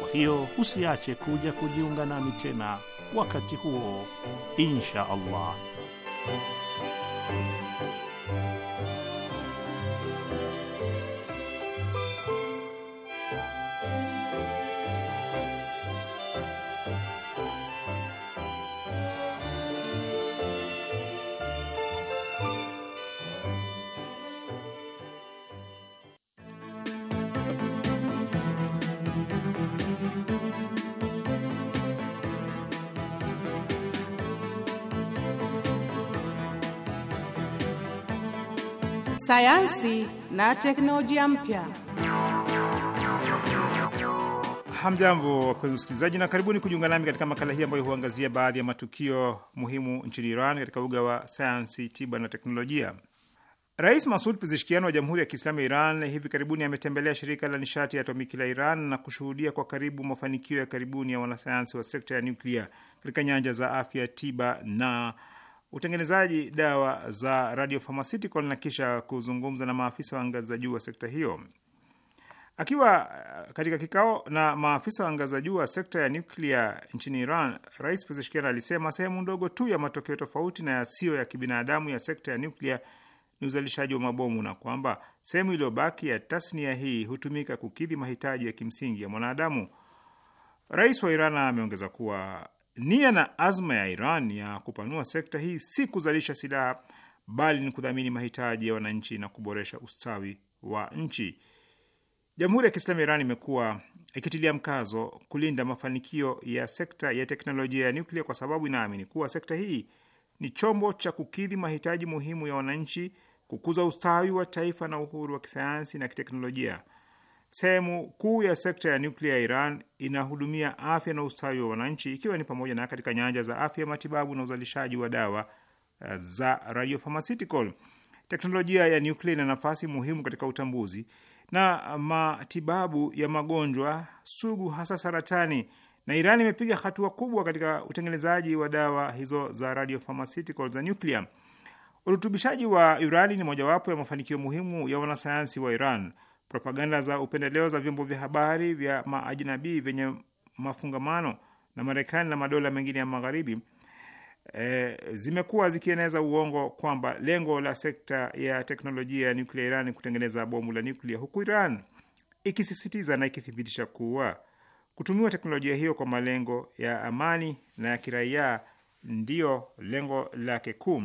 Kwa hiyo usiache kuja kujiunga nami tena wakati huo insha Allah. thank you sayansi na teknolojia mpya. Hamjambo, wapenzi wasikilizaji, na karibuni kujiunga nami katika makala hii ambayo huangazia baadhi ya matukio muhimu nchini Iran katika uga wa sayansi, tiba na teknolojia. Rais Masud Pezeshkian wa Jamhuri ya Kiislamu ya Iran hivi karibuni ametembelea shirika la nishati ya atomiki la Iran na kushuhudia kwa karibu mafanikio ya karibuni ya wanasayansi wa sekta ya nuklia katika nyanja za afya, tiba na utengenezaji dawa za radiopharmaceutical na kisha kuzungumza na maafisa wa ngazi za juu wa sekta hiyo. Akiwa uh, katika kikao na maafisa wa ngazi za juu wa sekta ya nuklia nchini Iran, Rais Pezeshkian alisema sehemu ndogo tu ya matokeo tofauti na yasiyo ya kibinadamu ya sekta ya nuklia ni uzalishaji wa mabomu na kwamba sehemu iliyobaki ya tasnia hii hutumika kukidhi mahitaji ya kimsingi ya mwanadamu. Rais wa Iran ameongeza kuwa Nia na azma ya Iran ya kupanua sekta hii si kuzalisha silaha, bali ni kudhamini mahitaji ya wananchi na kuboresha ustawi wa nchi. Jamhuri ya Kiislamu ya Iran imekuwa ikitilia mkazo kulinda mafanikio ya sekta ya teknolojia ya nuklia kwa sababu inaamini kuwa sekta hii ni chombo cha kukidhi mahitaji muhimu ya wananchi, kukuza ustawi wa taifa na uhuru wa kisayansi na kiteknolojia. Sehemu kuu ya sekta ya nyuklia ya Iran inahudumia afya na ustawi wa wananchi, ikiwa ni pamoja na katika nyanja za afya, matibabu na uzalishaji wa dawa eh, za radiopharmaceutical. Teknolojia ya nyuklia ina nafasi muhimu katika utambuzi na matibabu ya magonjwa sugu, hasa saratani, na Iran imepiga hatua kubwa katika utengenezaji wa dawa hizo za radiopharmaceutical za nyuklia. Urutubishaji wa urani ni mojawapo ya mafanikio muhimu ya wanasayansi wa Iran propaganda za upendeleo za vyombo vya habari vya maajinabii vyenye mafungamano na Marekani na madola mengine ya magharibi e, zimekuwa zikieneza uongo kwamba lengo la sekta ya teknolojia ya nuklia Iran ni kutengeneza bomu la nuklia, huku Iran ikisisitiza na ikithibitisha kuwa kutumiwa teknolojia hiyo kwa malengo ya amani na ya kiraia ndiyo lengo lake kuu.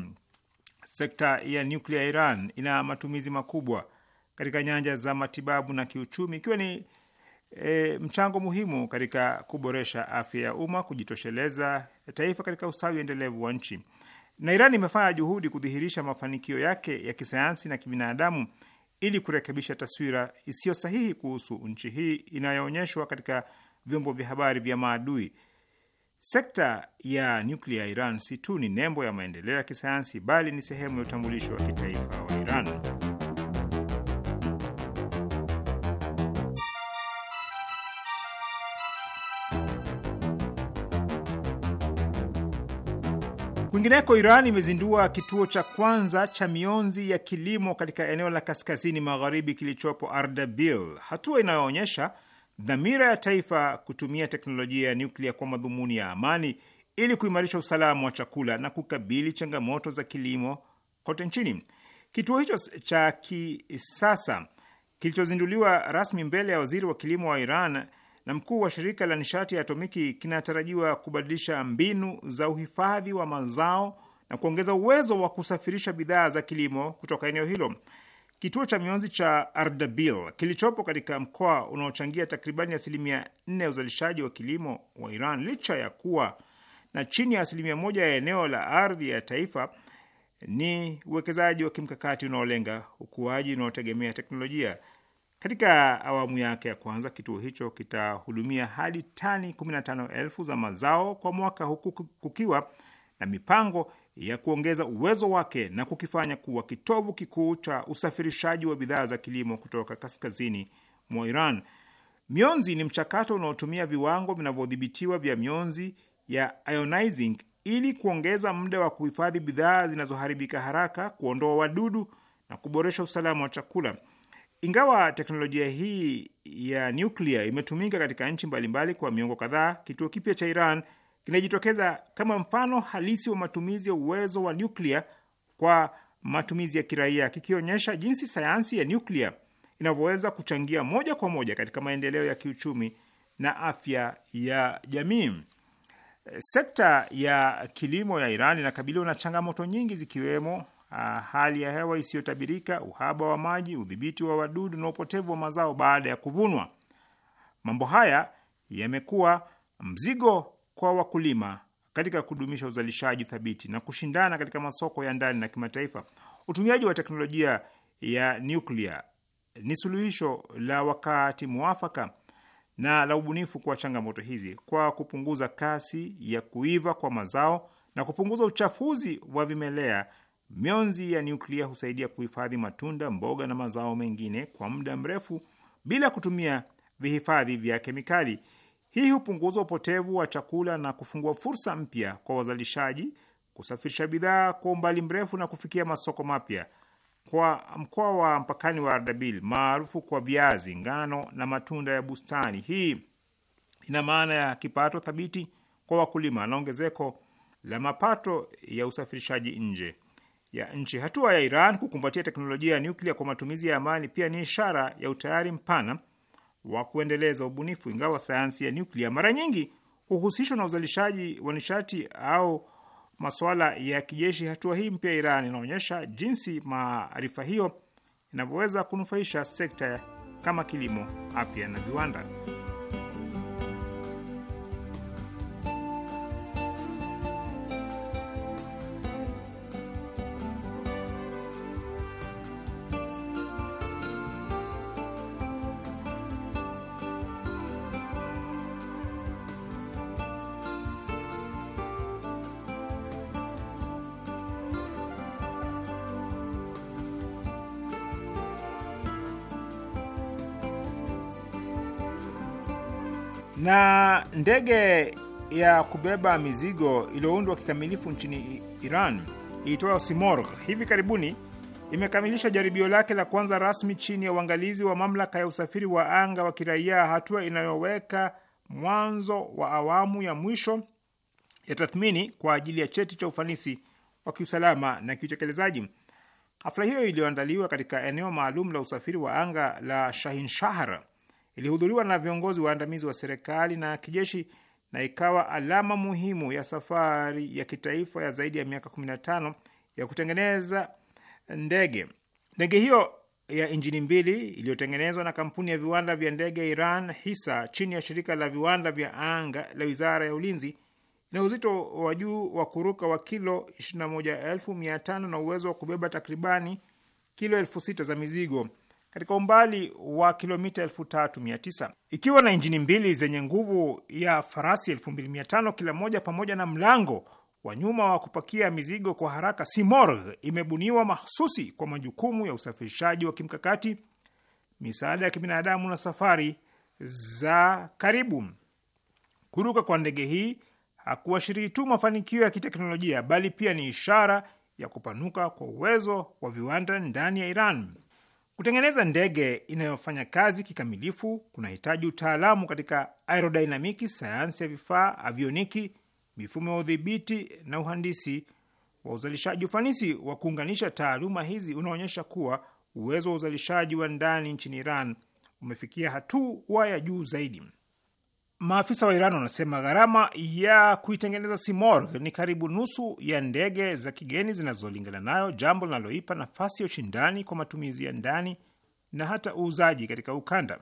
Sekta ya nuklia Iran ina matumizi makubwa katika nyanja za matibabu na kiuchumi, ikiwa ni e, mchango muhimu katika kuboresha afya ya umma, kujitosheleza taifa katika ustawi endelevu wa nchi. Na Iran imefanya juhudi kudhihirisha mafanikio yake ya kisayansi na kibinadamu ili kurekebisha taswira isiyo sahihi kuhusu nchi hii inayoonyeshwa katika vyombo vya habari vya maadui. Sekta ya nyuklia ya Iran si tu ni nembo ya maendeleo ya kisayansi, bali ni sehemu ya utambulisho wa kitaifa wa Iran. Kwingineko, Iran imezindua kituo cha kwanza cha mionzi ya kilimo katika eneo la kaskazini magharibi kilichopo Ardabil, hatua inayoonyesha dhamira ya taifa kutumia teknolojia ya nyuklia kwa madhumuni ya amani ili kuimarisha usalama wa chakula na kukabili changamoto za kilimo kote nchini. Kituo hicho cha kisasa kilichozinduliwa rasmi mbele ya waziri wa kilimo wa Iran na mkuu wa shirika la nishati ya atomiki kinatarajiwa kubadilisha mbinu za uhifadhi wa mazao na kuongeza uwezo wa kusafirisha bidhaa za kilimo kutoka eneo hilo. Kituo cha mionzi cha Ardabil kilichopo katika mkoa unaochangia takribani asilimia nne ya uzalishaji wa kilimo wa Iran, licha ya kuwa na chini ya asilimia moja ya eneo la ardhi ya taifa, ni uwekezaji wa kimkakati unaolenga ukuaji unaotegemea teknolojia. Katika awamu yake ya kwanza, kituo hicho kitahudumia hadi tani 15,000 za mazao kwa mwaka, huku kukiwa na mipango ya kuongeza uwezo wake na kukifanya kuwa kitovu kikuu cha usafirishaji wa bidhaa za kilimo kutoka kaskazini mwa Iran. Mionzi ni mchakato unaotumia viwango vinavyodhibitiwa vya mionzi ya ionizing ili kuongeza muda wa kuhifadhi bidhaa zinazoharibika haraka, kuondoa wadudu na kuboresha usalama wa chakula. Ingawa teknolojia hii ya nyuklia imetumika katika nchi mbalimbali kwa miongo kadhaa, kituo kipya cha Iran kinajitokeza kama mfano halisi wa matumizi ya uwezo wa nyuklia kwa matumizi ya kiraia, kikionyesha jinsi sayansi ya nyuklia inavyoweza kuchangia moja kwa moja katika maendeleo ya kiuchumi na afya ya jamii. Sekta ya kilimo ya Iran inakabiliwa na changamoto nyingi zikiwemo Ah, hali ya hewa isiyotabirika, uhaba wa maji, udhibiti wa wadudu na upotevu wa mazao baada ya kuvunwa. Mambo haya yamekuwa mzigo kwa wakulima katika kudumisha uzalishaji thabiti na kushindana katika masoko ya ndani na kimataifa. Utumiaji wa teknolojia ya nyuklia ni suluhisho la wakati mwafaka na la ubunifu kwa changamoto hizi, kwa kupunguza kasi ya kuiva kwa mazao na kupunguza uchafuzi wa vimelea Mionzi ya nyuklia husaidia kuhifadhi matunda, mboga na mazao mengine kwa muda mrefu bila kutumia vihifadhi vya kemikali. Hii hupunguza upotevu wa chakula na kufungua fursa mpya kwa wazalishaji kusafirisha bidhaa kwa umbali mrefu na kufikia masoko mapya. Kwa mkoa wa mpakani wa Ardabil maarufu kwa viazi, ngano na matunda ya bustani, hii ina maana ya kipato thabiti kwa wakulima na ongezeko la mapato ya usafirishaji nje ya nchi. Hatua ya Iran kukumbatia teknolojia ya nyuklia kwa matumizi ya amani pia ni ishara ya utayari mpana wa kuendeleza ubunifu, ingawa sayansi ya nyuklia mara nyingi huhusishwa na uzalishaji wa nishati au masuala ya kijeshi. Hatua hii mpya Iran inaonyesha jinsi maarifa hiyo inavyoweza kunufaisha sekta kama kilimo, afya na viwanda. na ndege ya kubeba mizigo iliyoundwa kikamilifu nchini Iran iitwayo Simorgh hivi karibuni imekamilisha jaribio lake la kwanza rasmi chini ya uangalizi wa mamlaka ya usafiri wa anga wa kiraia, hatua inayoweka mwanzo wa awamu ya mwisho ya tathmini kwa ajili ya cheti cha ufanisi wa kiusalama na kiutekelezaji. Hafla hiyo iliyoandaliwa katika eneo maalum la usafiri wa anga la Shahin Shahar ilihudhuriwa na viongozi waandamizi wa serikali na kijeshi na ikawa alama muhimu ya safari ya kitaifa ya zaidi ya miaka 15 ya kutengeneza ndege. Ndege hiyo ya injini mbili iliyotengenezwa na kampuni ya viwanda vya ndege ya Iran hisa chini ya shirika la viwanda vya anga la wizara ya ulinzi ina uzito wa juu wa kuruka wa kilo 21500 na uwezo wa kubeba takribani kilo elfu sita za mizigo katika umbali wa kilomita 3900 ikiwa na injini mbili zenye nguvu ya farasi 2500 kila moja pamoja na mlango wa nyuma wa kupakia mizigo kwa haraka. Simorgh imebuniwa mahususi kwa majukumu ya usafirishaji wa kimkakati, misaada ya kibinadamu na safari za karibu. Kuruka kwa ndege hii hakuashirii tu mafanikio ya kiteknolojia, bali pia ni ishara ya kupanuka kwa uwezo wa viwanda ndani ya Iran. Kutengeneza ndege inayofanya kazi kikamilifu kunahitaji utaalamu katika aerodinamiki, sayansi ya vifaa, avioniki, mifumo ya udhibiti na uhandisi wa uzalishaji. Ufanisi wa kuunganisha taaluma hizi unaonyesha kuwa uwezo wa uzalishaji wa ndani nchini Iran umefikia hatua ya juu zaidi. Maafisa wa Iran wanasema gharama ya kuitengeneza simorg ni karibu nusu ya ndege za kigeni zinazolingana nayo, jambo linaloipa nafasi ya ushindani kwa matumizi ya ndani na hata uuzaji katika ukanda.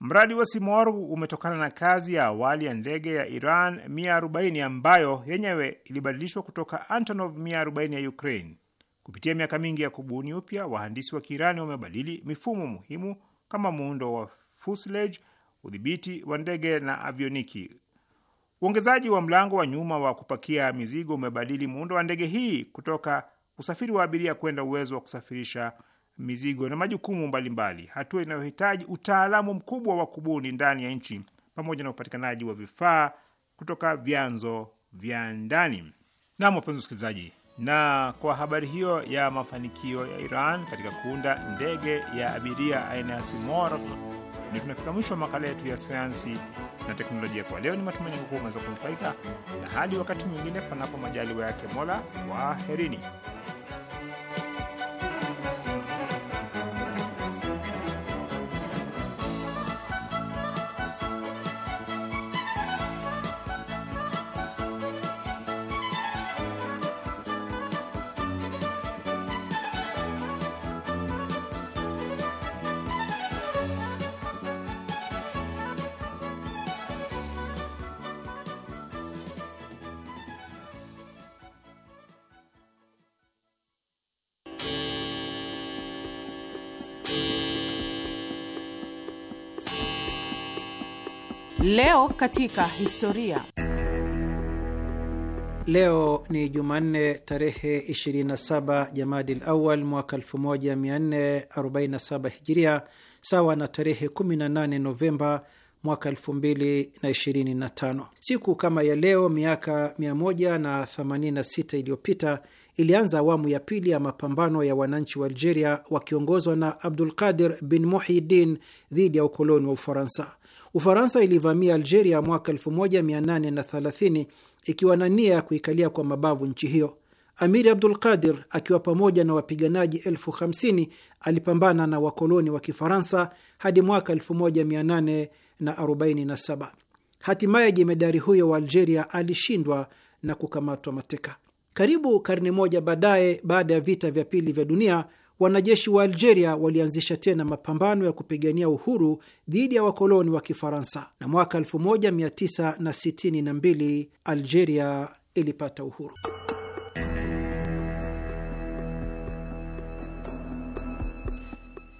Mradi wa simorg umetokana na kazi ya awali ya ndege ya Iran 140 ambayo yenyewe ilibadilishwa kutoka Antonov 140 ya Ukraine. Kupitia miaka mingi ya kubuni upya, wahandisi wa Kiirani wamebadili mifumo muhimu kama muundo wa fuselage udhibiti wa ndege na avioniki. Uongezaji wa mlango wa nyuma wa kupakia mizigo umebadili muundo wa ndege hii kutoka usafiri wa abiria kwenda uwezo wa kusafirisha mizigo na majukumu mbalimbali, hatua inayohitaji utaalamu mkubwa wa kubuni ndani ya nchi pamoja na upatikanaji wa vifaa kutoka vyanzo vya ndani. Nam, wapenzi wasikilizaji, na kwa habari hiyo ya mafanikio ya Iran katika kuunda ndege ya abiria aina ya Simorgh ndio tunafika mwisho wa makala yetu ya sayansi na teknolojia kwa leo. Ni matumaini kuwa umeweza kunufaika, na hadi wakati mwingine, panapo majaliwa yake Mola, waherini. Leo katika historia. Leo ni Jumanne tarehe 27 Jamadil Awal mwaka 1447 Hijiria, sawa na tarehe 18 Novemba mwaka 2025. Siku kama ya leo miaka 186 iliyopita ilianza awamu ya pili ya mapambano ya wananchi wa Algeria wakiongozwa na Abdul Qadir bin muhidin dhidi ya ukoloni wa Ufaransa. Ufaransa ilivamia Algeria mwaka 1830 ikiwa na nia ya kuikalia kwa mabavu nchi hiyo. Amiri Abdul Qadir akiwa pamoja na wapiganaji elfu hamsini alipambana na wakoloni wa Kifaransa hadi mwaka 1847. Hatimaye jemedari huyo wa Algeria alishindwa na kukamatwa mateka. Karibu karne moja baadaye, baada ya vita vya pili vya dunia, wanajeshi wa Algeria walianzisha tena mapambano ya kupigania uhuru dhidi ya wakoloni wa Kifaransa, na mwaka 1962 Algeria ilipata uhuru.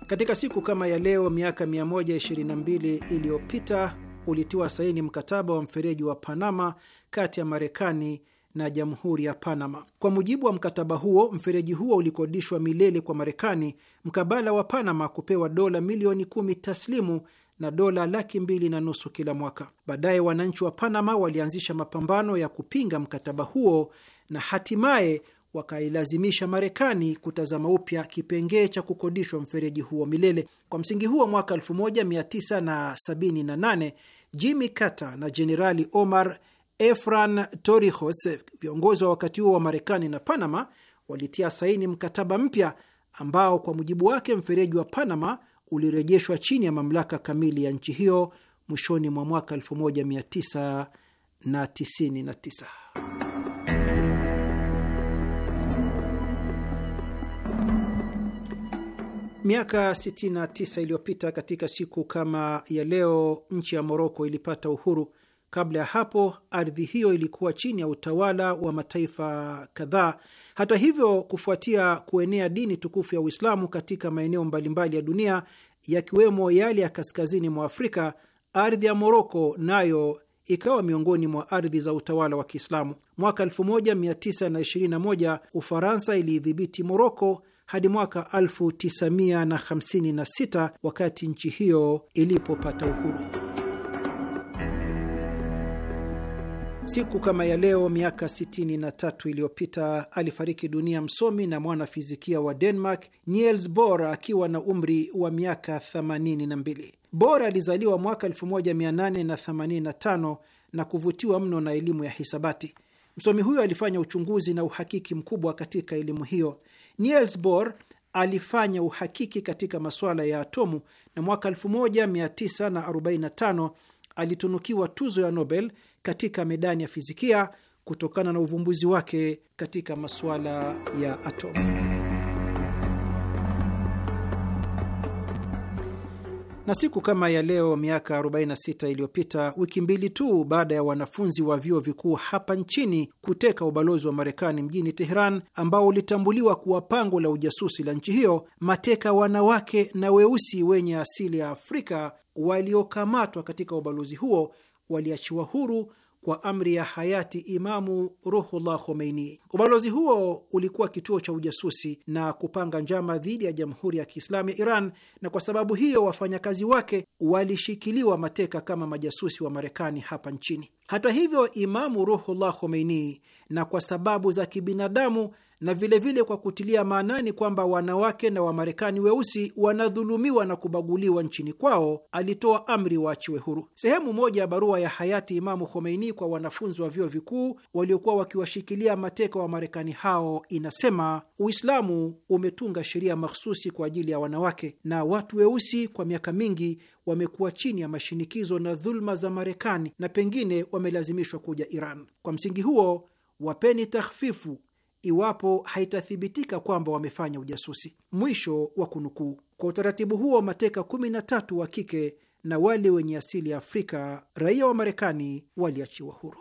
Katika siku kama ya leo miaka 122 iliyopita ulitiwa saini mkataba wa mfereji wa Panama kati ya Marekani na jamhuri ya Panama. Kwa mujibu wa mkataba huo, mfereji huo ulikodishwa milele kwa Marekani mkabala wa Panama kupewa dola milioni kumi taslimu na dola laki mbili na nusu kila mwaka. Baadaye wananchi wa Panama walianzisha mapambano ya kupinga mkataba huo na hatimaye wakailazimisha Marekani kutazama upya kipengee cha kukodishwa mfereji huo milele. Kwa msingi huo, mwaka 1978 Jimmy Carter na Jenerali Omar Efran Torijos, viongozi wa wakati huo wa Marekani na Panama walitia saini mkataba mpya ambao kwa mujibu wake mfereji wa Panama ulirejeshwa chini ya mamlaka kamili ya nchi hiyo mwishoni mwa mwaka 1999. Miaka 69 iliyopita katika siku kama ya leo, nchi ya Moroko ilipata uhuru. Kabla ya hapo ardhi hiyo ilikuwa chini ya utawala wa mataifa kadhaa. Hata hivyo, kufuatia kuenea dini tukufu ya Uislamu katika maeneo mbalimbali ya dunia yakiwemo yale ya kaskazini mwa Afrika, ardhi ya Moroko nayo ikawa miongoni mwa ardhi za utawala wa Kiislamu. Mwaka 1921 Ufaransa iliidhibiti Moroko hadi mwaka 1956 wakati nchi hiyo ilipopata uhuru. Siku kama ya leo miaka 63 iliyopita alifariki dunia msomi na mwanafizikia wa Denmark Niels Bohr akiwa na umri wa miaka 82. Bohr alizaliwa mwaka 1885 na kuvutiwa mno na elimu ya hisabati. Msomi huyo alifanya uchunguzi na uhakiki mkubwa katika elimu hiyo. Niels Bohr alifanya uhakiki katika masuala ya atomu na mwaka 1945 alitunukiwa tuzo ya Nobel katika medani ya fizikia kutokana na uvumbuzi wake katika masuala ya atomu. Na siku kama ya leo miaka 46 iliyopita, wiki mbili tu baada ya wanafunzi wa vyuo vikuu hapa nchini kuteka ubalozi wa Marekani mjini Teheran, ambao ulitambuliwa kuwa pango la ujasusi la nchi hiyo, mateka wanawake na weusi wenye asili ya Afrika waliokamatwa katika ubalozi huo waliachiwa huru kwa amri ya hayati Imamu Ruhullah Khomeini. Ubalozi huo ulikuwa kituo cha ujasusi na kupanga njama dhidi ya Jamhuri ya Kiislamu ya Iran, na kwa sababu hiyo wafanyakazi wake walishikiliwa mateka kama majasusi wa Marekani hapa nchini. Hata hivyo, Imamu Ruhullah Khomeini, na kwa sababu za kibinadamu na vilevile vile kwa kutilia maanani kwamba wanawake na Wamarekani weusi wanadhulumiwa na kubaguliwa nchini kwao, alitoa amri waachiwe huru. Sehemu moja ya barua ya hayati Imamu Khomeini kwa wanafunzi wa vyuo vikuu waliokuwa wakiwashikilia mateka wa Marekani hao inasema, Uislamu umetunga sheria mahsusi kwa ajili ya wanawake na watu weusi kwa miaka mingi wamekuwa chini ya mashinikizo na dhuluma za Marekani na pengine wamelazimishwa kuja Iran. Kwa msingi huo, wapeni tahfifu iwapo haitathibitika kwamba wamefanya ujasusi. Mwisho wa kunukuu. Kwa utaratibu huo, mateka 13 wa kike na wale wenye asili ya Afrika raia wa Marekani waliachiwa huru.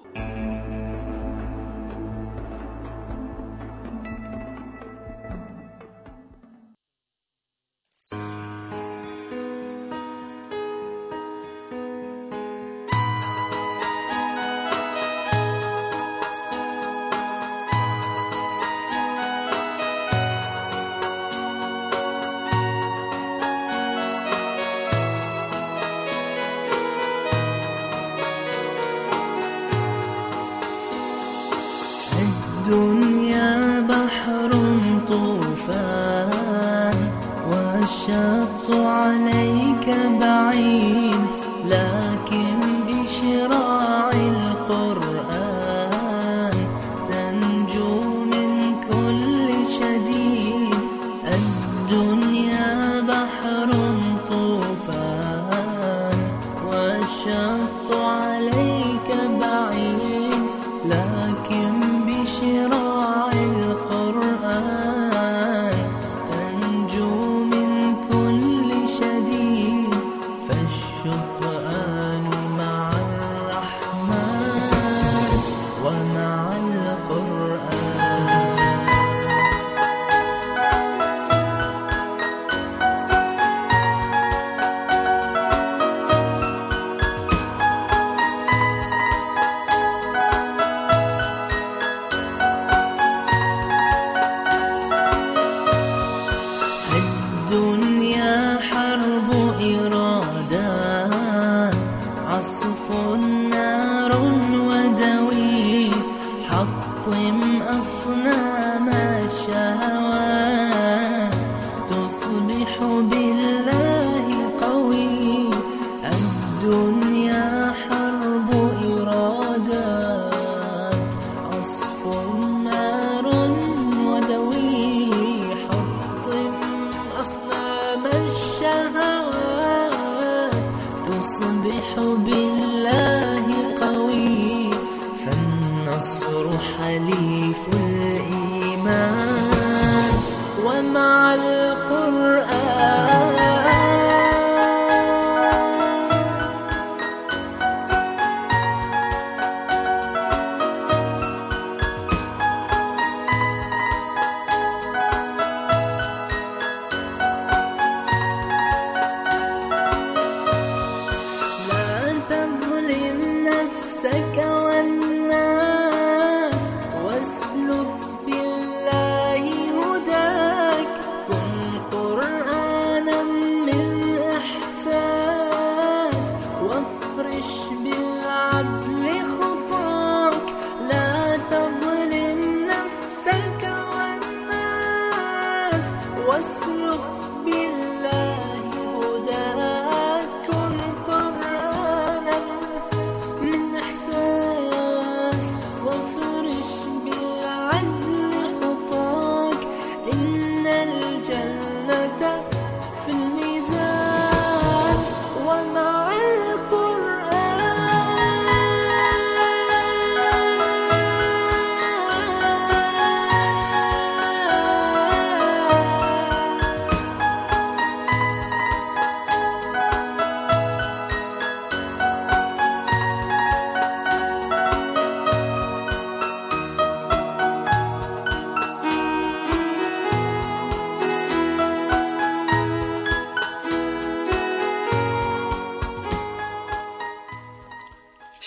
لكن بشرى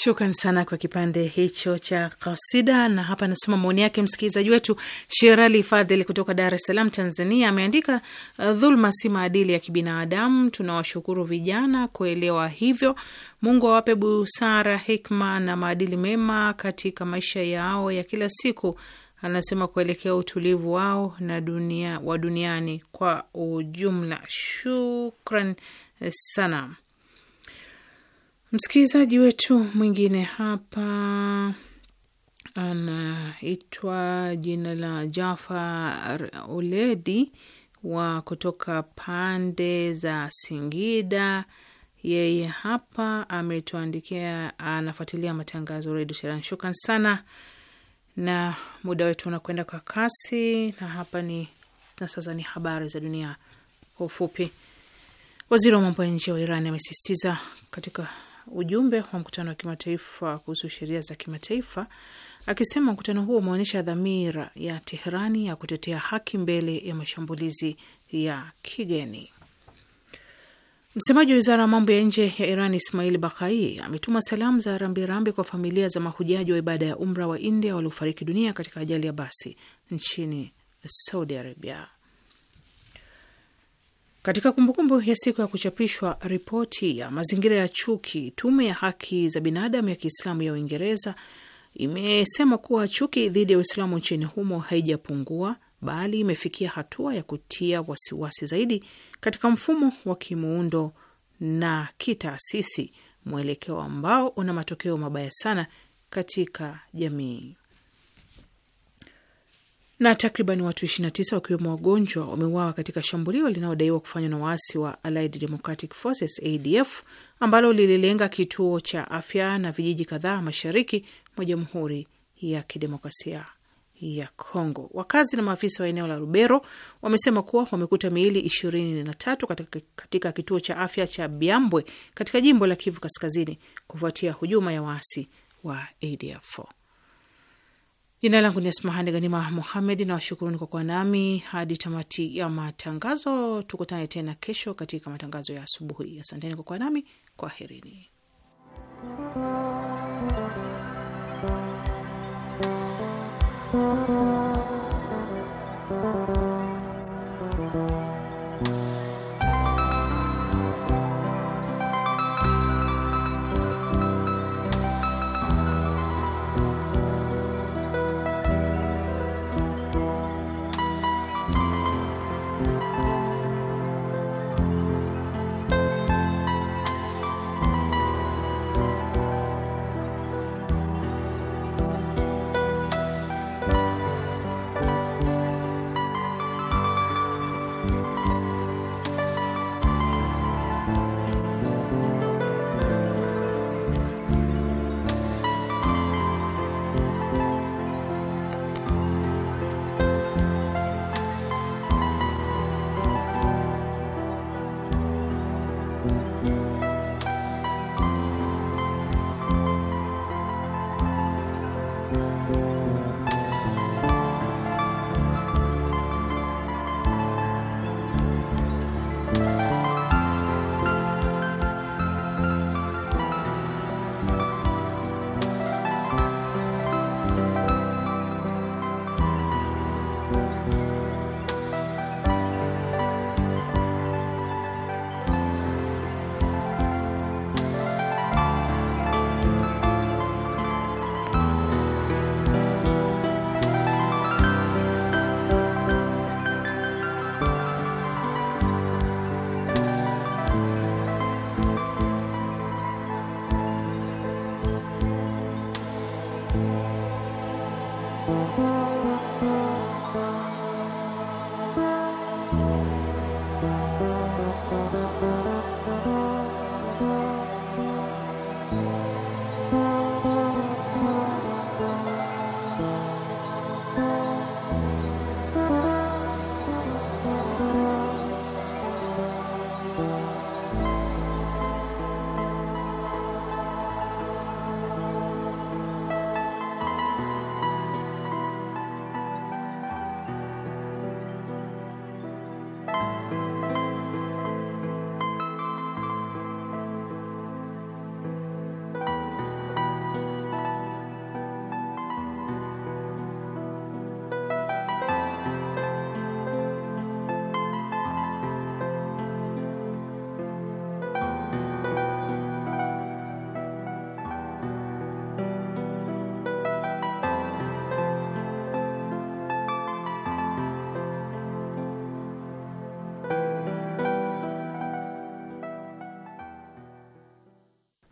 Shukran sana kwa kipande hicho cha kasida. Na hapa nasoma maoni yake msikilizaji wetu Sherali Fadhili kutoka Dar es Salaam, Tanzania. Ameandika uh, dhulma si maadili ya kibinadamu. Tunawashukuru vijana kuelewa hivyo. Mungu awape busara, hikma na maadili mema katika maisha yao ya kila siku, anasema kuelekea utulivu wao na dunia wa duniani kwa ujumla. Shukran sana. Msikilizaji wetu mwingine hapa anaitwa jina la Jafar Uledi wa kutoka pande za Singida. Yeye hapa ametuandikia, anafuatilia matangazo redio Teheran. Shukran sana, na muda wetu unakwenda kwa kasi, na hapa ni na sasa ni habari za dunia kwa ufupi. Waziri wa mambo ya nje wa Iran amesisitiza katika ujumbe wa mkutano wa kimataifa kuhusu sheria za kimataifa akisema mkutano huo umeonyesha dhamira ya Teherani ya kutetea haki mbele ya mashambulizi ya kigeni. Msemaji wa wizara ya mambo ya nje ya Iran Ismail Bakai ametuma salamu za rambirambi kwa familia za mahujaji wa ibada ya umra wa India waliofariki dunia katika ajali ya basi nchini Saudi Arabia. Katika kumbukumbu ya siku ya kuchapishwa ripoti ya mazingira ya chuki, tume ya haki za binadamu ya Kiislamu ya Uingereza imesema kuwa chuki dhidi ya Uislamu nchini humo haijapungua, bali imefikia hatua ya kutia wasiwasi wasi zaidi katika mfumo wa kimuundo na kitaasisi, mwelekeo ambao una matokeo mabaya sana katika jamii. Na takriban watu 29 wakiwemo wagonjwa wameuawa katika shambulio linalodaiwa kufanywa na waasi wa Allied Democratic Forces ADF ambalo lililenga kituo cha afya na vijiji kadhaa mashariki mwa Jamhuri ya Kidemokrasia ya Kongo. Wakazi na maafisa wa eneo la Rubero wamesema kuwa wamekuta miili 23 katika, katika kituo cha afya cha Biambwe katika jimbo la Kivu Kaskazini kufuatia hujuma ya waasi wa ADF. Jina langu ni Asmahani Ganima Muhamed na washukuruni kwa kuwa nami hadi tamati ya matangazo. Tukutane tena kesho katika matangazo ya asubuhi. Asanteni kwa kuwa nami, kwaherini.